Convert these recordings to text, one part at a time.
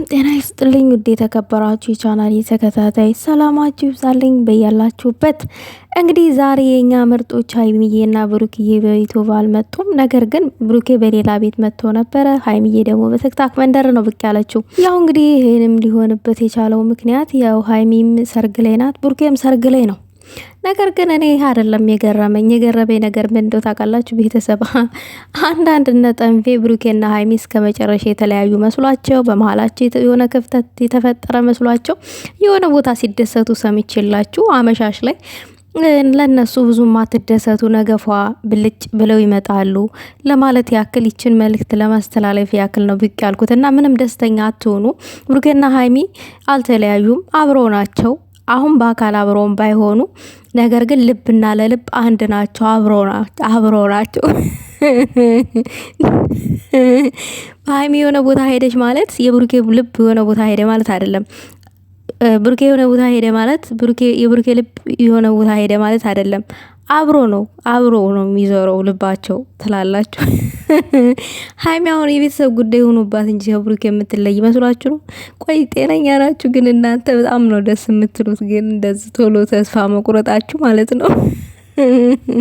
ሰላም ጤና ይስጥልኝ ውድ የተከበራችሁ የቻናል የተከታታይ ሰላማችሁ ይብዛልኝ በያላችሁበት። እንግዲህ ዛሬ የእኛ ምርጦች ሀይሚዬና ብሩክዬ በዩቱብ አልመጡም። ነገር ግን ብሩኬ በሌላ ቤት መጥቶ ነበረ። ሀይሚዬ ደግሞ በትክታክ መንደር ነው ብቅ ያለችው። ያው እንግዲህ ይህንም ሊሆንበት የቻለው ምክንያት ያው ሀይሚም ሰርግ ላይ ናት፣ ብሩኬም ሰርግ ላይ ነው። ነገር ግን እኔ አይደለም የገረመኝ። የገረመኝ ነገር ምን እንደው ታውቃላችሁ ቤተሰብ፣ አንዳንድ እነ ጠንፌ ብሩኬና ሀይሚ እስከ መጨረሻ የተለያዩ መስሏቸው በመሀላቸው የሆነ ክፍተት የተፈጠረ መስሏቸው የሆነ ቦታ ሲደሰቱ ሰምቼላችሁ አመሻሽ ላይ ለእነሱ ብዙ ማትደሰቱ ነገፏ ብልጭ ብለው ይመጣሉ ለማለት ያክል ይችን መልእክት ለማስተላለፍ ያክል ነው ብቅ ያልኩት እና ምንም ደስተኛ አትሆኑ። ብሩኬና ሀይሚ አልተለያዩም፣ አብረው ናቸው። አሁን በአካል አብረውን ባይሆኑ ነገር ግን ልብና ለልብ አንድ ናቸው፣ አብረው ናቸው። በሀይሚ የሆነ ቦታ ሄደች ማለት የብሩኬ ልብ የሆነ ቦታ ሄደ ማለት አይደለም። ብሩኬ የሆነ ቦታ ሄደ ማለት የብሩኬ ልብ የሆነ ቦታ ሄደ ማለት አይደለም። አብሮ ነው አብሮ ነው የሚዞረው ልባቸው ትላላችሁ። ሀይሚ አሁን የቤተሰብ ጉዳይ ሆኖባት እንጂ ከብሩክ የምትለይ መስሏችሁ ነው? ቆይ ጤነኛ ናችሁ? ግን እናንተ በጣም ነው ደስ የምትሉት። ግን እንደዚ ቶሎ ተስፋ መቁረጣችሁ ማለት ነው።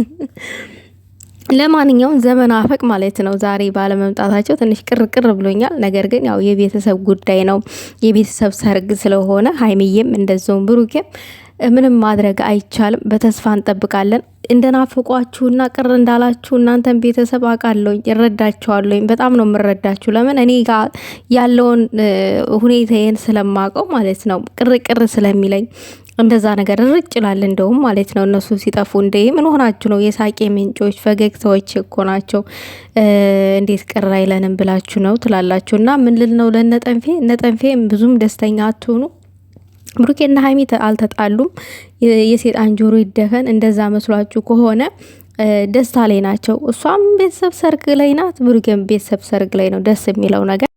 ለማንኛውም ዘመን አፈቅ ማለት ነው። ዛሬ ባለመምጣታቸው ትንሽ ቅርቅር ብሎኛል። ነገር ግን ያው የቤተሰብ ጉዳይ ነው የቤተሰብ ሰርግ ስለሆነ ሀይሚዬም እንደዚውም ብሩኬም ምንም ማድረግ አይቻልም። በተስፋ እንጠብቃለን። እንደናፈቋችሁና ቅር እንዳላችሁ እናንተን ቤተሰብ አውቃለሁኝ፣ እረዳችኋለሁኝ። በጣም ነው የምረዳችሁ። ለምን እኔ ጋ ያለውን ሁኔታዬን ስለማውቀው ማለት ነው። ቅር ቅር ስለሚለኝ እንደዛ ነገር ርጭ ይላል። እንደውም ማለት ነው እነሱ ሲጠፉ እንደ ምን ሆናችሁ ነው? የሳቄ ምንጮች ፈገግታዎች እኮ ናቸው። እንዴት ቅር አይለንም ብላችሁ ነው ትላላችሁ። እና ምን ልል ነው ለነጠንፌ ነጠንፌ ብዙም ደስተኛ አትሆኑ ብሩኬና ሀይሚ አልተጣሉም። የሴጣን ጆሮ ይደፈን። እንደዛ መስሏችሁ ከሆነ ደስታ ላይ ናቸው። እሷም ቤተሰብ ሰርግ ላይ ናት፣ ብሩኬም ቤተሰብ ሰርግ ላይ ነው። ደስ የሚለው ነገር